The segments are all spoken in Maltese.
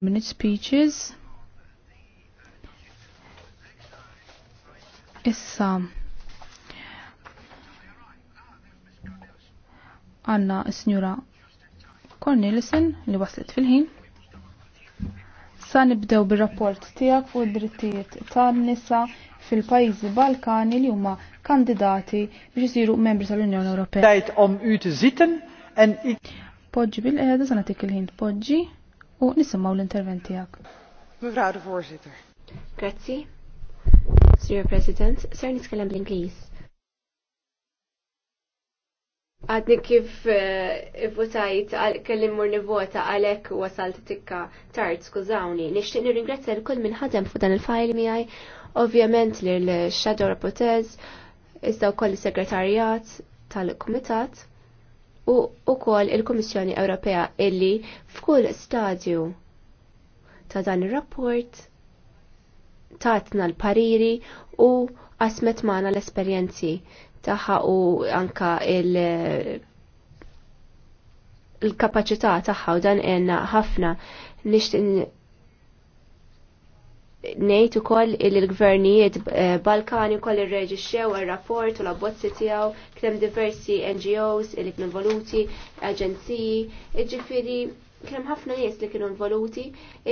minute speeches. Issa għanna s-njura Cornelison li waslet fil-ħin. Sa nibdew bir-rapport tiegħek fuq id-drittijiet tan-nisa fil-pajjiżi Balkani li huma kandidati biex isiru membri tal-Unjoni Ewropea. om zitten en Poġġi bil-qiegħda sa nagħtik il-ħin poġġi u nisimgħu l-intervent tiegħek. Mevrouw de Grazzi. Sir President, ser nitkellem bl inglis Għadni kif eh, votajt kellim mur nivota għalek wasalt tikka tard, skużawni. Nishtiq nirringrazzja l-kull minn ħadem fuq dan il-fajl miegħi, ovvjament lil Shadow Rapportez, iżda wkoll is-segretarjat tal-kumitat u ukoll il-Kummissjoni Ewropea illi f'kull stadju ta' dan ir-rapport tatna l-pariri u qasmet magħna l-esperjenzi tagħha u anka il- l-kapacità tagħha u dan għenna ħafna nixtin nejt u koll il-gvernijiet eh, Balkani u koll il-reġiċew il-rapport u l-abbozzi tijaw, krem diversi NGOs, il kienu involuti, aġenziji, ġifiri, krem ħafna nies li kienu involuti,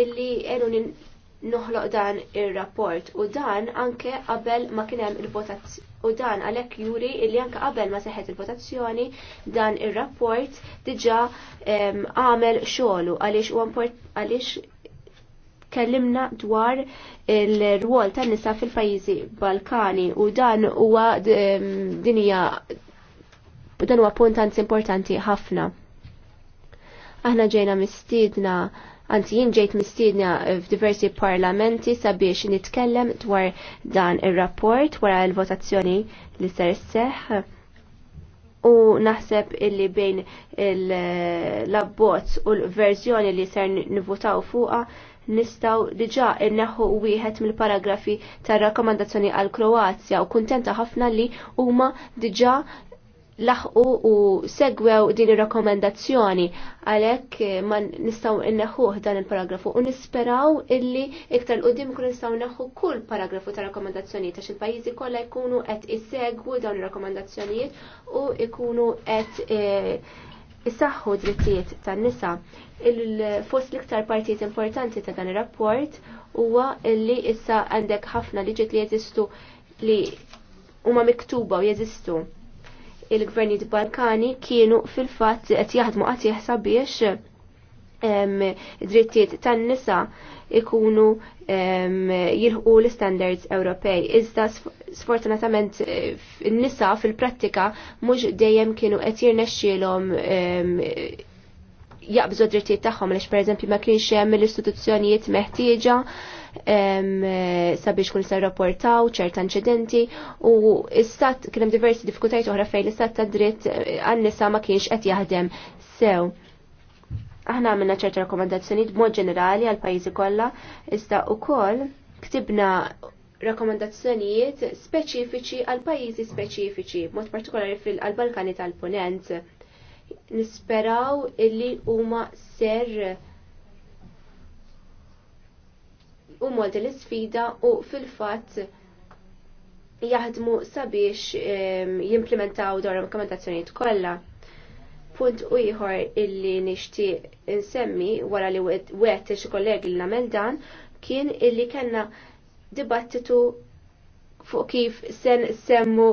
illi enu noħloq dan il-rapport u dan anke qabel ma kienem il-votazzjoni u dan għalek juri illi anka qabel ma seħet il-votazzjoni dan il-rapport diġa ehm, għamel xogħlu għaliex u għaliex tkellimna dwar il-rwol tan-nisa fil-pajjiżi Balkani u dan huwa dinja dan huwa punt anzi importanti ħafna. Aħna ġejna mistiedna Anzi, jien ġejt mistiedna f'diversi parlamenti sabiex nitkellem dwar dan ir-rapport wara l-votazzjoni li ser seħ u naħseb illi bejn l-abbozz u l-verżjoni li ser nivutaw fuqa nistaw diġa inneħu wieħed mill-paragrafi tar rakkomandazzjoni għal Kroazja u kuntenta ħafna li huma diġa laħqu u segwew din ir rakkomandazzjoni għalhekk eh, ma nistgħu inneħuh dan il-paragrafu u nisperaw illi iktar qudiem ikun nistgħu nneħħu kull paragrafu ta' rakkomandazzjoni ta' il-pajjiżi kollha jkunu qed isegwu dawn ir-rakkomandazzjonijiet u jkunu qed eh, Is-saħħu drittijiet tan-nisa. Il-fost l-iktar partijiet importanti ta' dan ir-rapport huwa li issa għandek ħafna liġiet li jeżistu li huma miktuba u jeżistu. Il-gvernijiet Balkani kienu fil-fatt qed jaħdmu qatt jeħsab biex drittijiet tan-nisa ikunu jilħu l-standards Ewropej. Iżda sfortunatament eh, n-nisa fil-prattika mhux dejjem kienu qed jirnexxielhom jaqbżu drittijiet tagħhom lex pereżempju ma kienx hemm l-istituzzjonijiet meħtieġa sabiex kun se rapportaw ċerta inċidenti u istat kien hemm diversi diffikultajiet oħra fejn l-istat ta' dritt eh, għan-nisa ma kienx qed jaħdem sew. Aħna għamilna ċerta rakkomandazzjonijiet b'mod ġenerali għal pajjiżi kollha, iżda wkoll ktibna rakkomandazzjonijiet speċifiċi għal pajjiżi speċifiċi, mod partikolari fil-Balkani tal-Punent. Nisperaw illi huma ser u mod l-sfida u fil-fatt jaħdmu sabiex ehm, jimplementaw dawn rakkomandazzjonijiet kollha. Punt u ieħor illi nixtieq insemmi wara li wet xi kollegi li nagħmel dan kien illi kellna dibattitu fuq kif sen semmu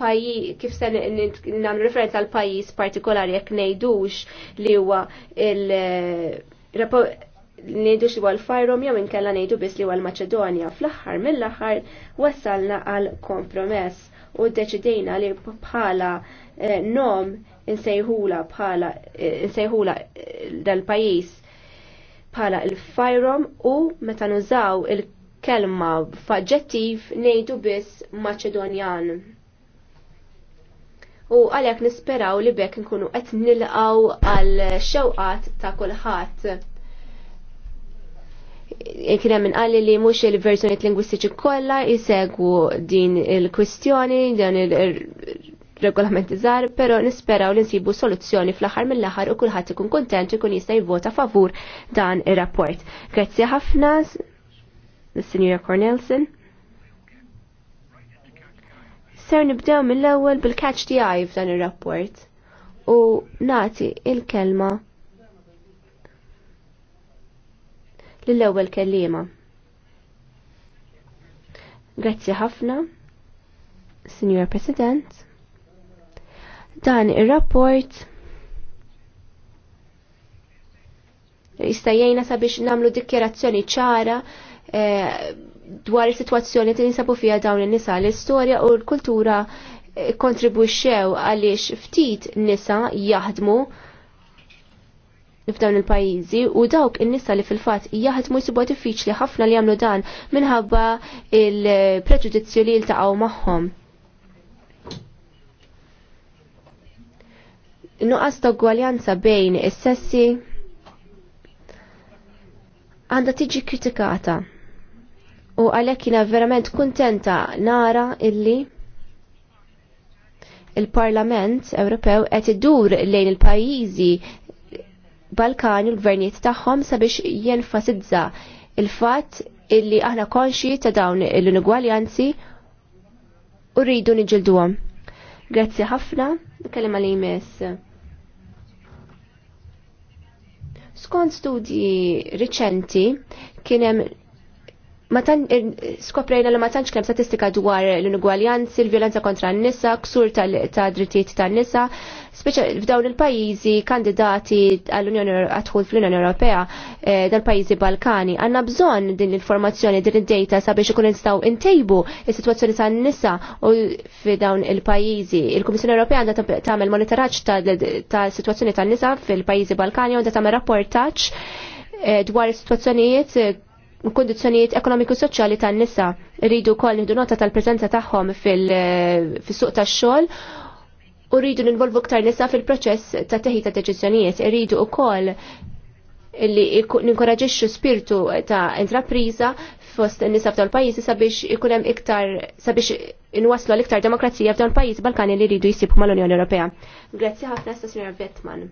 pajji, kif se nagħmlu referenza għal pajjiż partikolari jekk ngħidux li huwa il eh, ngħidux li huwa l-fajrom jew inkella ngħidu biss li huwa l-Maċedonja. Fl-aħħar mill-aħħar wassalna għal kompromess u deċidejna li bħala eh, nom insejħula bħala insejħula dal-pajis bħala il-fajrom u meta nużaw il-kelma faġġettiv nejdu biss Maċedonjan. U għalek nisperaw li bekk nkunu qed nilqaw għal xewqat ta' kulħadd. E, kien hemm inqalli li mux il-verżjonijiet lingwistiċi kollha jisegwu din il-kwistjoni, din il- regolamenti żgħar, però nisperaw li nsibu soluzzjoni fl-aħħar mill-aħħar u kulħadd ikun kuntent ikun jista' jivvota favur dan ir-rapport. Grazzi ħafna, Sr. Cornelson. Ser nibdew mill-ewwel bil-catch the eye f'dan ir-rapport u nati il-kelma lill-ewwel kellima. Grazzi ħafna, Sr. President. Dan ir-rapport jista' jgħinna sabiex nagħmlu dikjerazzjoni ċara eh, dwar is-sitwazzjoni li jinsabu fiha dawn in-nisa l-istorja u l-kultura eh, kontribwixxew għaliex ftit nisa jaħdmu f'dawn il-pajjiżi u dawk in-nisa li fil-fatt jaħdmu jsibu diffiċli ħafna li jagħmlu dan minħabba il-preġudizzju li jiltaqgħu magħhom. nuqqas ta' gwaljanza bejn is-sessi għandha tiġi kritikata. U għalhekk jiena verament kuntenta nara illi il-Parlament Ewropew qed idur lejn il-pajjiżi Balkani u l-gvernijiet tagħhom sabiex jenfasizza il-fatt illi aħna konxi ta' dawn l-inugwaljanzi u rridu niġilduhom. Grazzi ħafna, kellem li jmiss. Skont studji riċenti kien hemm Matan er, skoprejna li ma tantx kemm statistika dwar l-inugwaljanzi, l-vjolenza kontra n-nisa, ksur ta' drittijiet ta' n-nisa, speċa f'dawn il-pajjiżi kandidati għall-Unjoni għadħul fl-Unjoni Ewropea eh, dal-pajjiżi Balkani. Għandna bżonn din l-informazzjoni din id-data sabiex ikun nistgħu intejbu is-sitwazzjoni ta' n-nisa u f'dawn il-pajjiżi. Il-Kummissjoni Ewropea għandha tagħmel monitoraġġ ta' sitwazzjoni ta' n-nisa fil-pajjiżi Balkani u għandha tagħmel rapportaġġ eh, dwar is-sitwazzjonijiet kondizjonijiet ekonomiku soċjali tan-nisa. Rridu wkoll nieħdu nota tal-preżenza tagħhom fil-suq eh, tax-xogħol u rridu ninvolvu ktar nisa fil-proċess ta' teħi ta' deċiżjonijiet. Rridu wkoll li ninkoraġixxu spiritu ta' intrapriża fost nisa f'dawn pajjiżi sabiex ikun hemm iktar sabiex inwaslu l-iktar demokrazija f'dawn pajjiżi Balkani li rridu jisibhom mal-Unjoni Ewropea. Grazzi ħafna Sra. Bettman.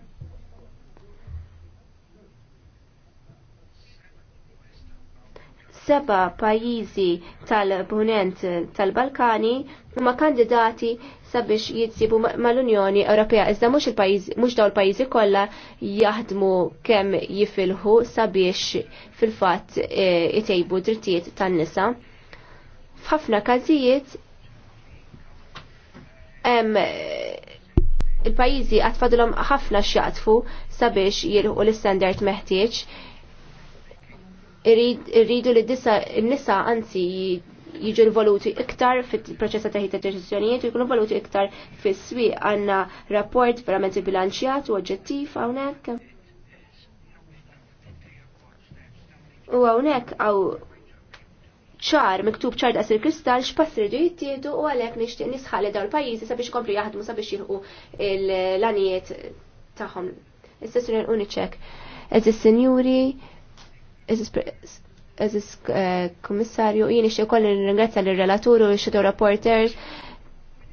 seba pajjiżi tal-punent tal-Balkani huma kandidati sabiex jitsibu mal-Unjoni Ewropea. Iżda mhux il-pajjiż mhux dawn il-pajjiżi kollha jaħdmu kemm jifilħu sabiex fil-fatt e, itejbu drittijiet tan-nisa. F'ħafna każijiet hemm il-pajjiżi qatt ħafna x'jaqtfu sabiex jilħu l-istandard meħtieġ irridu li dissa n-nisa anzi jiġu involuti iktar fil taħi ta' teħita u jkunu involuti iktar fis-swieq għandna rapport verament bilanċjat u oġġettiv hawnhekk. U hawnhekk għaw ċar, miktub ċar daqs sir kristall x'pass rridu jittiedu u għalhekk nixtieq nisħalli dawn l-pajizi sabiex komplu jaħdmu sabiex jirqu l-anijiet tagħhom. Istess uniċek. ez sinjuri, Eżis eh, komissarju, jien ixie kolli ringrazzja l-relaturu u do rapporter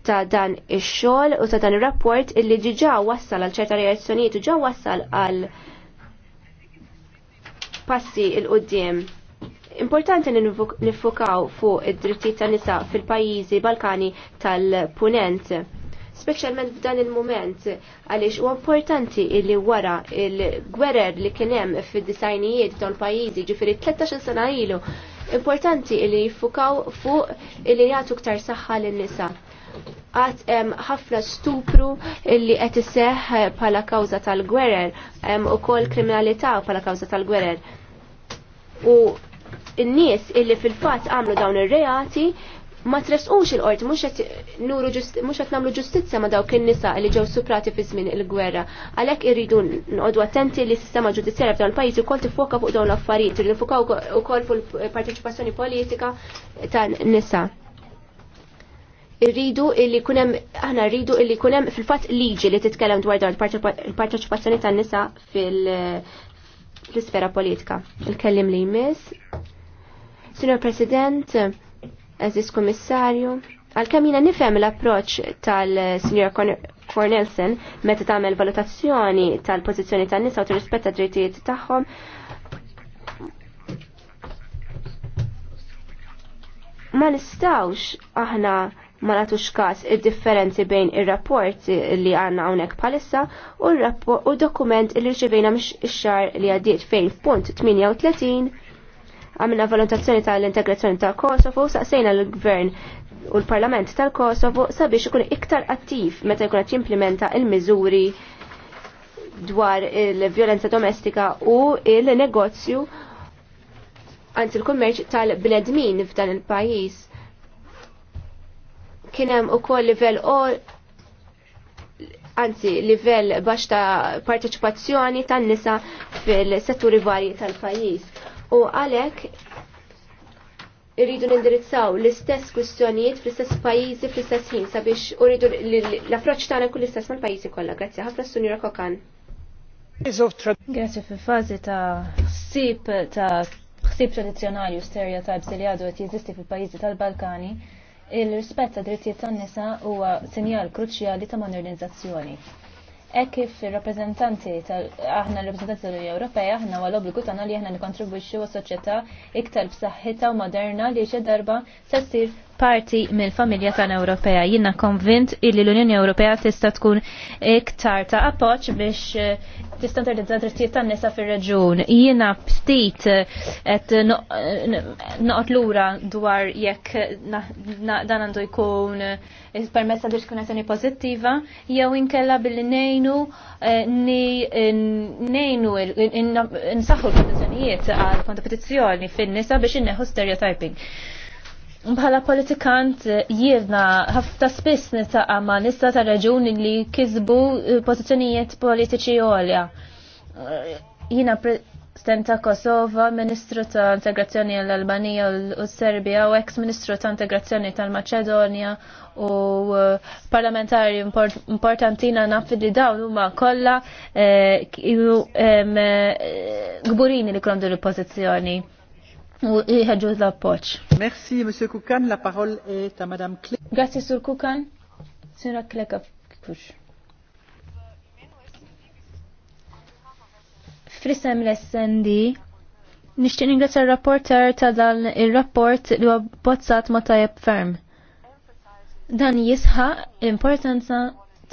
ta' dan ix-xogħol u ta' dan ir-rapport illi ġiġa wassal għal ċerta reazzjonijiet u ġiġa wassal għal passi il qoddim importanti nifukaw fuq id-drittijiet tan nisa fil-pajjiżi Balkani tal-Punent speċjalment f'dan il-moment, għaliex u importanti illi wara il-gwerer li kienem fil-disajnijiet tal-pajizi ġifiri 13 sena ilu, importanti illi jiffukaw fuq illi jgħatu ktar saħħa l-nisa. Għat ħafna stupru illi qed seħ pala kawza tal-gwerer, u kol kriminalità pala kawza tal-gwerer. U n-nies illi fil-fat għamlu dawn ir-reati ma trefqux il-qorti, mux għet namlu ġustizza ma dawk il-nisa li ġew suprati fi żmien il-gwerra. Għalek irridu nqodu attenti li s-sistema ġudizzjarja f'dan il-pajjiż ukoll tifoka fuq dawn l-affarijiet, li nfukaw ukoll fuq il-parteċipazzjoni politika ta' nisa. Irridu illi kunem, aħna rridu illi kunem fil-fatt liġi li titkellem dwar dawn il-parteċipazzjoni ta' nisa fil-sfera politika. Il-kellim li jmiss. Signor President, eżis komissarju. għal kamina nifem l-approċ tal-Sinjora Cornelsen meta tagħmel valutazzjoni tal-pożizzjoni tan-nisa u tirrispetta d-drittijiet tagħhom. Ma nistawx aħna ma natux kas id-differenzi bejn ir-rapport li għanna hawnhekk bħalissa u, u dokument li rċevejna mhix ix-xar li għaddiet fejn f'punt 38 Għamilna valutazzjoni tal-integrazzjoni tal Kosovo, saqsejna l-gvern u l-parlament tal-Kosovo sabiex ikun iktar attiv meta jkun qed jimplementa il-miżuri dwar il-vjolenza domestika u il-negozju anzi il-kummerċ tal-bnedmin f'dan il-pajjiż. Kien hemm ukoll livell anzi livell baxx ta' parteċipazzjoni tan-nisa fil-setturi varji tal-pajjiż u għalhekk irridu nindirizzaw l-istess kwistjonijiet fl-istess pajjiżi fl-istess ħin sabiex uridu l-approċċ tagħna kull istess mal-pajjiżi kollha. Grazzi ħafna Sunira Kokan. Grazzi fi fażi ta' ħsib ta' ħsieb tradizzjonali u stereotypes li għadu qed jeżisti fil-pajjiżi tal-Balkani, il-rispett ta' drittijiet tan-nisa huwa sinjal kruċjali ta' modernizzazzjoni E kif rappresentanti aħna l-rappresentanti tal-Unjoni Ewropea aħna għal obbligu tagħna li aħna nikkontribwixxu għas-soċjetà iktar b'saħħitha u moderna li xi darba se ssir parti mill-familja tan Ewropea. Jiena konvint illi l-Unjoni Ewropea tista' tkun iktar ta' appoġġ biex tistandardizza drittijiet tan-nisa fir-reġun. Jiena ftit qed noqgħod lura dwar jekk dan għandu jkun permessa diskriminazzjoni pożittiva jew inkella billi ngħinu ngħinu nsaħħu l-kondizzjonijiet għal kompetizzjoni fin-nisa biex inneħu stereotyping bħala politikant eh, jirna ħafna spiss nitaqa' ma' nista ta' raġuni li kisbu eh, pożizzjonijiet politiċi għolja. Eh, Jina president Kosova, ministru ta' integrazzjoni għall-Albanija u Serbija u ex-ministru ta' integrazzjoni tal-Maċedonja u parlamentari importantina naf li dawn huma kollha gburini li kolom l-Oppożizzjoni u jħedġu l-appoċ. Merci, M. Kukan, la parole est à Madame Kle. Grazie, Sur Kukan. Sira Kleka Kux. Frisem l-SND, nishtin ingrazzja l-rapporter ta' dan il-rapport li huwa bozzat ma' tajab ferm. Dan jisħa importanza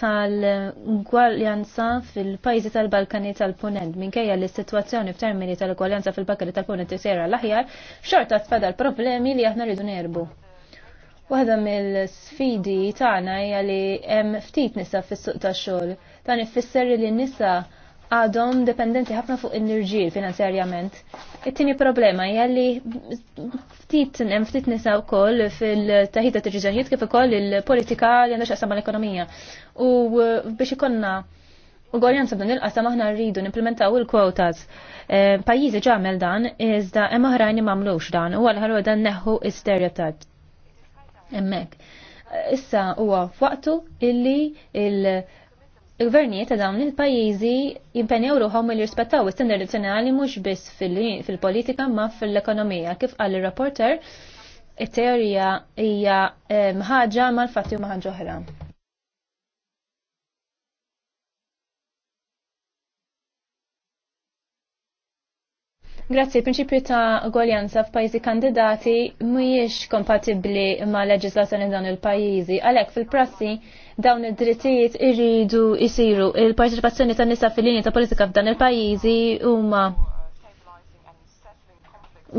tal-gwaljanza fil-pajzi tal-Balkani tal-Punent minkejja li s-situazzjoni f'termini tal-gwaljanza fil-Balkani tal-Punent tisera l-aħjar, xorta l problemi li aħna rridu nerbu. Waħda mill-sfidi tagħna hija li hemm ftit nisa fis-suq tax-xogħol. Dan ifisser li n-nisa għadhom dependenti ħafna fuq in-nirġiel finanzjarjament. It-tieni problema hija li ftit hemm ftit nisa wkoll fil-taħita deċiżjonijiet kif ukoll il-politika li għandha x'qasam mal-ekonomija. U uh, biex ikonna għorjan b'dan il-qasam aħna rridu n-implementaw il-quotas. Eh, pajjiżi ġamel dan, iżda hemm ħrajni m'għamlux dan, u għal ħarru dan neħu stereotype. Hemmhekk. Issa huwa f'waqtu illi il- il-gvernijiet ta' dawn il-pajjiżi jimpenjaw ruħhom li jirrispettaw is-standard nazzjonali mhux biss fil-politika ma fil-ekonomija. Kif qal ir-rapporter, it-teorija hija eh, ħaġa mal-fatti u ma ħaġa oħra. Grazzi, il-prinċipju ta' gwaljanza f'pajjiżi kandidati mhijiex kompatibbli ma' leġislazzjoni dan il-pajjiżi. Għalhekk fil-prassi dawn id-drittijiet irridu jsiru il-parteċipazzjoni tan nisa fil-linja ta' politika f'dan il-pajjiżi huma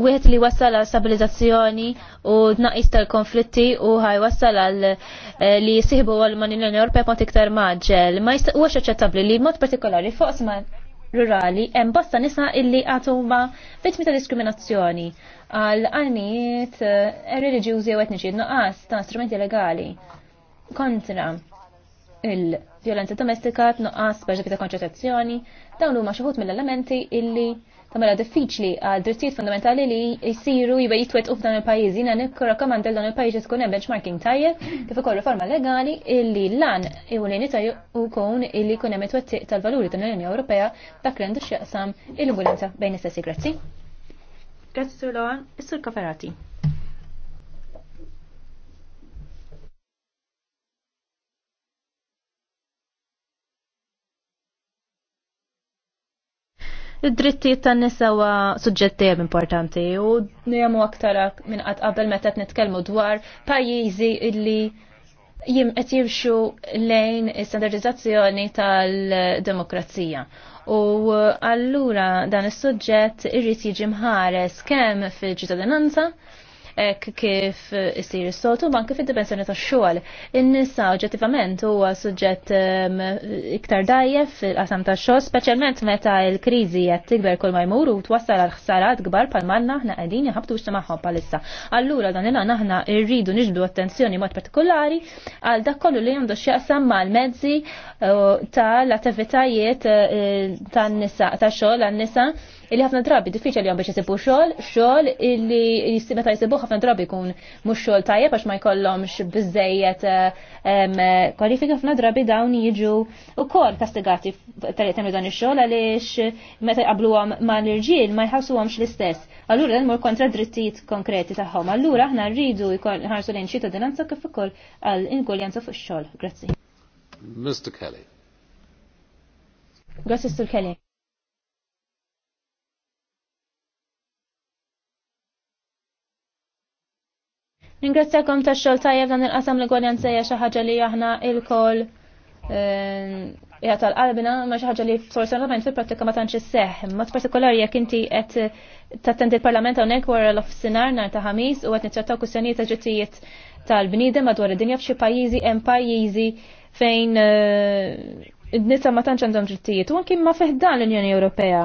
wieħed li wassal għal stabilizzazzjoni u naqis tal-konflitti u ħaj wassal għal eh, li jisibu għal man l Ewropea kont iktar maġġel. Ma huwax aċċettabbli li mod partikolari fuq rurali hemm bosta nisa illi għatuma vittmi ta' diskriminazzjoni għal għanijiet eh, reliġjużi u etniċi nuqqas ta' strumenti legali kontra il-violenza domestika, nuqqas perżempju ta' konċetazzjoni, dawn huma xi mill-elementi illi ta' mela diffiċli għal drittijiet fundamentali li jisiru jibba jitwet u f'dan il-pajizi na nikkorakomand dan il-pajizi tkun hemm benchmarking tajjeb kif ukoll riforma legali illi lan u li nitaj u kun illi kun hemm tal-valuri tal-Unjoni Ewropea dak rendu x'jaqsam il-ugulenza bejn istessi. Grazzi. Grazzi Sur Lawan, Sur Kaferati. id-drittijiet tan-nisa huwa importanti u nejjemu aktar minn qatt qabel meta qed nitkellmu dwar pajjiżi illi jim qed jimxu lejn standardizzazzjoni tal-demokrazija. U allura dan is-suġġett irrid jiġi mħares kemm fil-ċittadinanza kif isir s sotu manki fid-dimensjoni tax-xogħol. In-nisa oġġettivament huwa suġġett ehm, iktar dajjef fil-qasam tax-xogħol, speċjalment meta l-kriżi qed tikber kull ma jmur u twassal għal ħsarat kbar pal manna aħna qegħdin jaħabtu wixta magħhom bħalissa. Allura dan il aħna rridu nġbdu attenzjoni mod partikolari għal dak kollu li għandu x'jaqsam mal-mezzi eh, tal-attivitajiet eh, tan-nisa tax-xogħol għan-nisa illi ħafna drabi diffiċli għom biex jisibu xogħol, xogħol illi meta ħafna drabi jkun mhux xogħol tajjeb għax ma jkollhomx biżejjed kwalifika ħafna drabi dawn jiġu wkoll kastigati tal dan ix-xogħol għaliex meta jqabbluhom mal-irġiel ma jħassuhomx l-istess. Allura dan mur kontra drittijiet konkreti tagħhom. Allura aħna rridu ħarsu lejn xi tadinanza kif ukoll għal ingoljanza fuq ix-xogħol. Grazzi. Mr. Kelly. Grazie, Sir Kelly. Ringrazzjakom ta' xol tajjeb dan il-qasam li għoljan sejja xaħġa li aħna il-kol eh, jgħat tal-qalbina ma xaħġa li f-sorsjonament fil-pratika ma tanċi seħ. Mat partikolari jek inti għet tattendi il-parlament għonek wara l-ofsinar nar ta' ħamis u għet nitċattaw kussjonijiet ta' ġittijiet tal-bnidem madwar id-dinja f'xi pajjiżi hemm pajjiżi fejn eh, nisa ma tantx għandhom drittijiet u ma feħdan l-Unjoni Ewropea.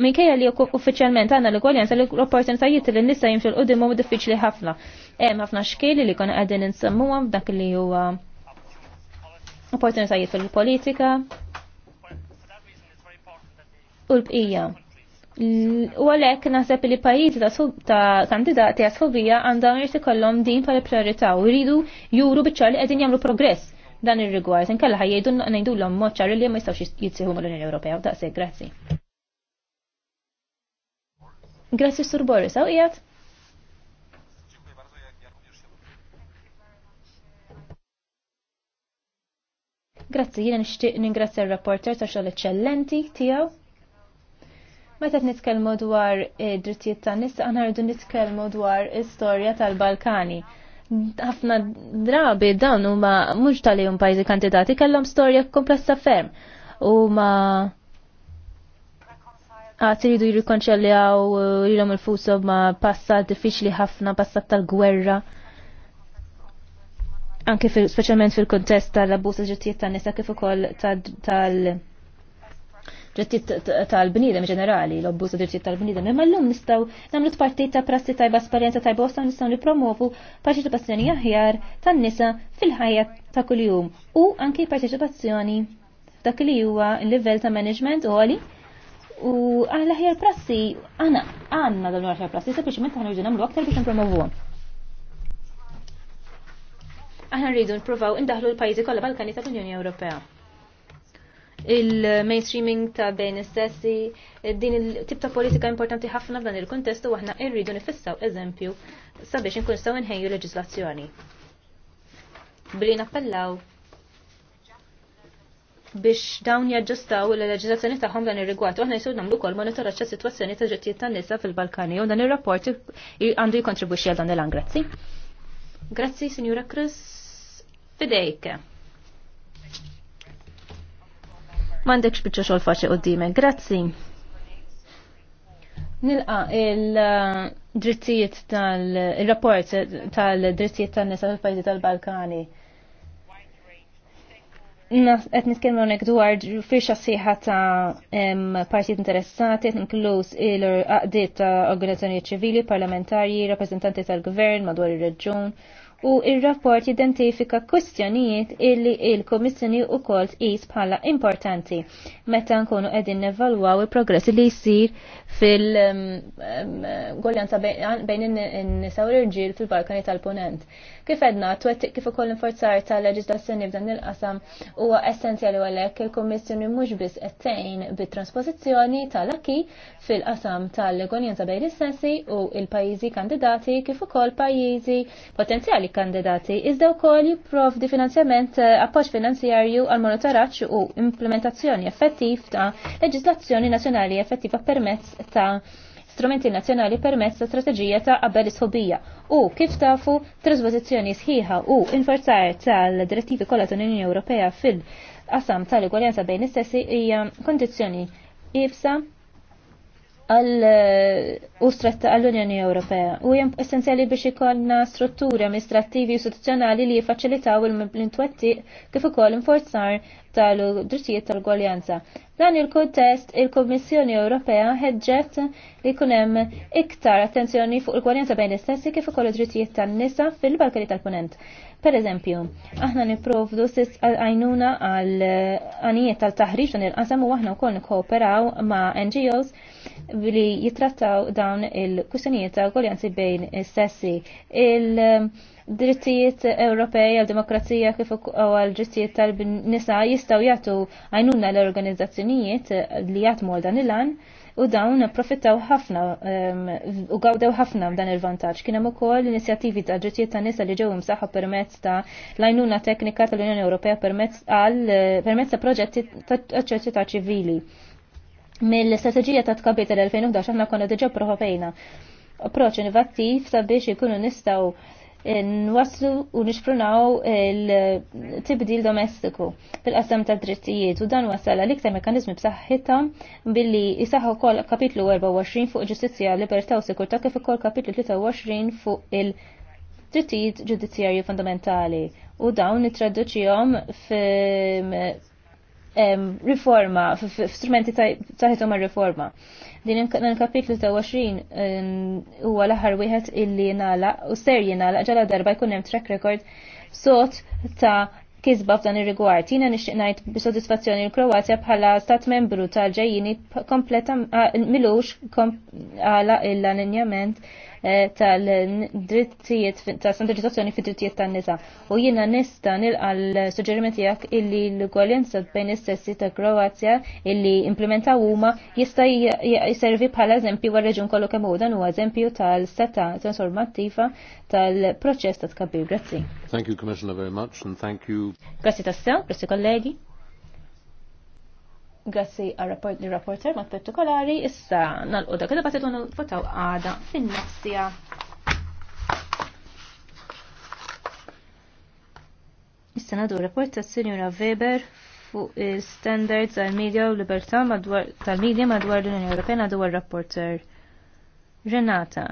Minkejja li uffiċjalment għandna l-igwaljanza l-opportunitajiet li n-nisa jimxu l qoddim u diffiċli ħafna. Hemm ħafna xkeli li konna qegħdin għam dak li huwa opportunitajiet fil-politika u l-bqija. U għalek naħseb li pajizi ta' kandidati għasħobija għandhom jirti kollom din pal priorità u jridu juru bieċar li għedin jamlu progress dan ir-rigward. Inkella ħajjejdu ngħidu l-hom mod ċar li ma jistgħux jitsiħu mal-Unjoni Ewropea u daqshekk grazzi. Grazzi Sur Boris, għaw qiegħed? Grazzi, jiena nixtieq ningrazzja r-rapporter ta' xogħol eċċellenti tiegħu. Meta t nitkellmu dwar id-drittijiet eh, tan-nisa aħna rridu nitkellmu dwar istorja tal-Balkani ħafna drabi dawn huma mhux tali un pajjiżi kandidati kellhom storja komplessa ferm u ma għat iridu għaw ilhom il-fusob ma' passat diffiċli ħafna, passat tal-gwerra. Anke specialment speċjalment fil-kontest tal-abbuż ġittijiet tan-nisa kif ukoll tal-, tal drittijiet tal-bniedem ġenerali, l-obbuż drittijiet tal-bniedem. Imma llum nistgħu nagħmlu tpartit ta' prassi tajba esperjenza tajba osta nistgħu nippromovu parċiċipazzjoni aħjar tan-nisa fil-ħajja ta' kuljum u anki parċiċipazzjoni dak li huwa l-livell ta' management għoli u għal aħjar prassi għana għanna dan l-aħjar prassi sempliċement aħna rridu nagħmlu aktar biex nippromovuhom aħna rridu nipruvaw indaħlu l-pajjiżi kollha Balkani tal-Unjoni Ewropea il-mainstreaming ta' bejn istessi, din il-tip ta' politika importanti ħafna f'dan il kontestu u aħna rridu nifissaw eżempju sabiex inkun inħejju leġislazzjoni. Bli nappellaw biex dawn jaġġustaw il-leġislazzjoni tagħhom dan ir-rigward. Aħna jsir nagħmlu wkoll monitoraġġ sitwazzjoni ta' ġettijiet tan-nisa fil-Balkani u dan ir-rapport għandu jikontribwixxi għal dan il-angrazzi. Grazzi, Sinjura Cruz. Fidejke. mandekx bieċa xol faċi u dime. Grazzi. Nilqa il-drittijiet uh, tal-rapport tal-drittijiet tal-nisa fil-pajzi tal-Balkani. Et nitkellmu hawnhekk dwar firxa sieħa ta' partijiet interessati, inkluż il-qaqdiet ta' organizzazzjonijiet ċivili, parlamentari, rappreżentanti tal-gvern madwar ir-reġjun u il-rapport identifika kwistjonijiet illi il-Komissjoni u kol tqis bħala importanti meta nkunu qegħdin nevalwaw il-progress li jsir fil-goljanza um, um, um, bejn in-nisa u ġil irġiel fil-Balkani tal-Punent. Kif edna, twettiq kif ukoll inforzar tal-leġislazzjoni f'dan il-qasam huwa essenzjali għalhekk il-Kummissjoni mhux biss qed tgħin bit trasposizzjoni tal-aki fil-qasam tal-legonjenza bejn is-sensi u il-pajjiżi kandidati kif ukoll pajjiżi potenzjali kandidati iżda wkoll jipprovdi finanzjament eh, appoġġ finanzjarju għal monitoraġġ u implementazzjoni effettiv ta' leġislazzjoni nazzjonali effettiva permezz ta' strumenti nazzjonali permezz ta' strateġija ta' qabel isħobija u kif tafu trasposizzjoni sħiħa u infarzar tal-direttivi kollha tal-Unjoni Ewropea fil-qasam tal-igwaljanza bejn istessi hija kondizzjoni ibsa għal ustretta uh, għall-Unjoni Ewropea u jem essenzjali biex ikollna strutturi amministrativi u istituzzjonali li jifacilitaw l-intwetti kif ukoll inforzar tal-drittijiet tal-gwaljanza. Dan il-kontest il-Kommissjoni Ewropea ħedġet li jkun hemm iktar attenzjoni fuq il-gwaljanza bejn istessi kif ukoll id-drittijiet tan-nisa fil-Balkani tal-Punent. Per eżempju, aħna niprovdu sis għajnuna għal għanijiet tal-taħriġ dan il-qasam u aħna wkoll nikkooperaw ma' NGOs li jitrattaw dawn il-kustanijiet ta' għoljanzi bejn is-sessi. Il-drittijiet Ewropej għal-demokrazija kif għal-drittijiet tal-nisa jistaw jagħtu għajnuna l-organizzazzjonijiet li għal dan il-an. il għan u dawn approfittaw ħafna ehm, u gawdew ħafna dan il-vantaġġ. Kien hemm ukoll inizjattivi ta' ġrittijiet ta' nisa li ġew imsaħħa permezz ta' lajnuna teknika tal-Unjoni Ewropea permezz għal permezz ta' proġetti ta' ċerċità ċivili. Mill-istrateġija ta' tkabbi tal-2011 aħna konna diġà provajna approċċ innovattiv sabiex ikunu nistgħu nwaslu u nixprunaw il-tibdil domestiku fil-qasam ta' drittijiet u dan wasal għal iktar mekanizmi b'saħħitha billi jisaħħu wkoll kapitlu 24 fuq il-ġustizja, libertà u sikurtà kif ukoll kapitlu 23 fuq il-drittijiet ġudizzjarju fundamentali u dawn f' riforma, strumenti taħitom riforma Din il-kapitlu ta' 20 huwa l-aħħar wieħed illi jinala, u ser jinala ġala darba jkun hemm track record sot ta' kisba f'dan ir-rigward. Jiena nixtieq ngħid b'sodisfazzjoni l-Kroazja bħala stat membru tal-ġejjini milux għala l-allinjament Eh, tal-drittijiet tal standardizzazzjoni fi drittijiet tan-nisa. U jiena nista' nilqa' l-suġġerimenti jak illi l gwalenza bejn istessi ta' Kroazja illi implementaw huma jista' jiservi bħala eżempju għal reġun kollu kemm dan huwa eżempju tal-seta transformattiva tal-proċess ta' tkabbir. Grazzi. Thank you, Commissioner, very much, and thank you. Grazzi tassew, grazzi kollegi. Grazzi għal-rapport li rapporter ma' partikolari, issa nal-qu dak il-dibattitu votaw għada fin-nofsija. Issa nadu rapport ta' Sinjura Weber fuq standards għal-medja u libertà tal-medja madwar l-Unjoni Ewropea dwar rapporter Renata.